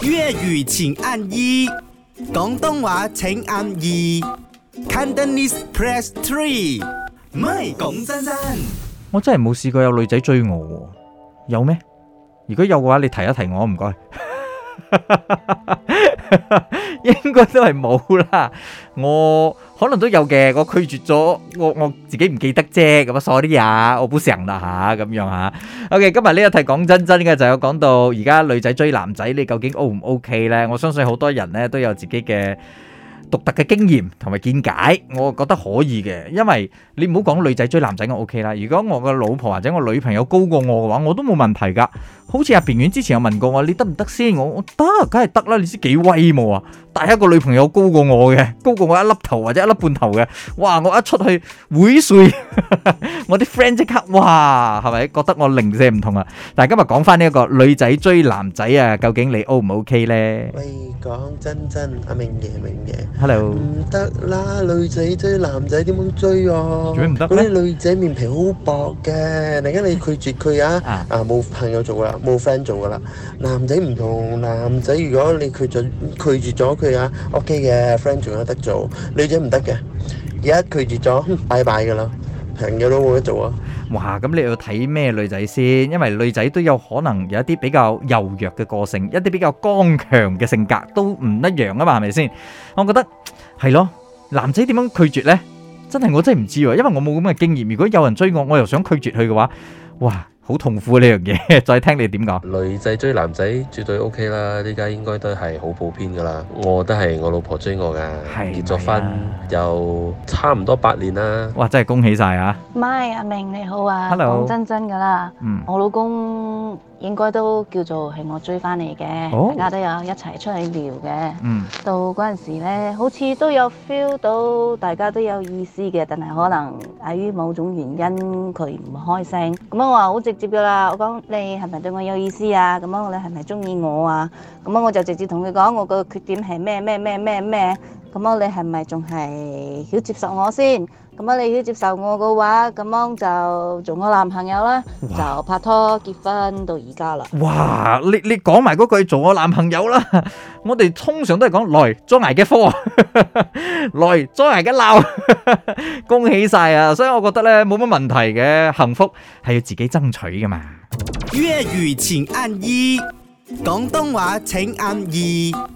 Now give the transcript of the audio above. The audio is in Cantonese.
粵語請按一，廣東話請按二，Cantonese press three，唔係講真真，我真係冇試過有女仔追我，有咩？如果有嘅話，你提一提我，唔該。 應該都係冇啦，我可能都有嘅，我拒絕咗，我我自己唔記得啫，咁啊，所啲嘢我唔成啦吓，咁、啊、樣吓、啊。OK，今日呢一題講真真嘅，就有講到而家女仔追男仔，你究竟 O 唔 OK 呢？我相信好多人呢都有自己嘅獨特嘅經驗同埋見解，我覺得可以嘅，因為你唔好講女仔追男仔我 OK 啦。如果我個老婆或者我女朋友高過我嘅話，我都冇問題噶。好似阿平遠之前有問過我，你得唔得先？我，我得，梗係得啦。你知幾威武啊？但係一個女朋友高過我嘅，高過我一粒頭或者一粒半頭嘅，哇！我一出去會碎，我啲 friend 即刻哇，係咪覺得我零舍唔同啊？但係今日講翻呢一個女仔追男仔啊，究竟你 O 唔 OK 呢？喂，講真真，阿明爺明爺。唔得 Hello? 啦，女仔追男仔點樣追啊？做咩唔得咧？嗰啲女仔面皮好薄嘅，突然間你拒絕佢啊， 啊冇、啊、朋友做噶啦，冇 friend 做噶啦。男仔唔同男仔，如果你拒絕拒絕咗佢啊，ok 嘅，friend 仲有得做。女仔唔得嘅，而家 拒絕咗，拜拜噶啦，朋友都冇得做啊。哇！咁你要睇咩女仔先？因為女仔都有可能有一啲比較柔弱嘅個性，一啲比較剛強嘅性格都唔一樣啊嘛，係咪先？我覺得係咯，男仔點樣拒絕呢？真係我真係唔知啊，因為我冇咁嘅經驗。如果有人追我，我又想拒絕佢嘅話，哇！好痛苦呢樣嘢。再聽你點講？女仔追男仔絕對 OK 啦，呢家應該都係好普遍噶啦。我都係我老婆追我噶，係唔係啊、結咗婚又差唔多八年啦。哇，真係恭喜晒啊！My 阿明你好啊，Hello，講真真噶啦，嗯、我老公。應該都叫做係我追翻嚟嘅，oh. 大家都有一齊出去聊嘅。Mm. 到嗰陣時呢，好似都有 feel 到大家都有意思嘅，但係可能礙於某種原因佢唔開聲。咁啊，我話好直接噶啦，我講你係咪係對我有意思啊？咁啊，你係咪係中意我啊？咁啊，我就直接同佢講我個缺點係咩咩咩咩咩。咁啊，你係咪仲係要接受我先？咁啊，你要接受我嘅話，咁樣就做我男朋友啦，哇就拍拖結婚到而家啦。哇！你你講埋嗰句做我男朋友啦， 我哋通常都係講來裝閪嘅科， 來裝閪嘅鬧， 恭喜晒啊！所以我覺得咧，冇乜問題嘅，幸福係要自己爭取嘅嘛。咩？魚前按一，廣東話請按二。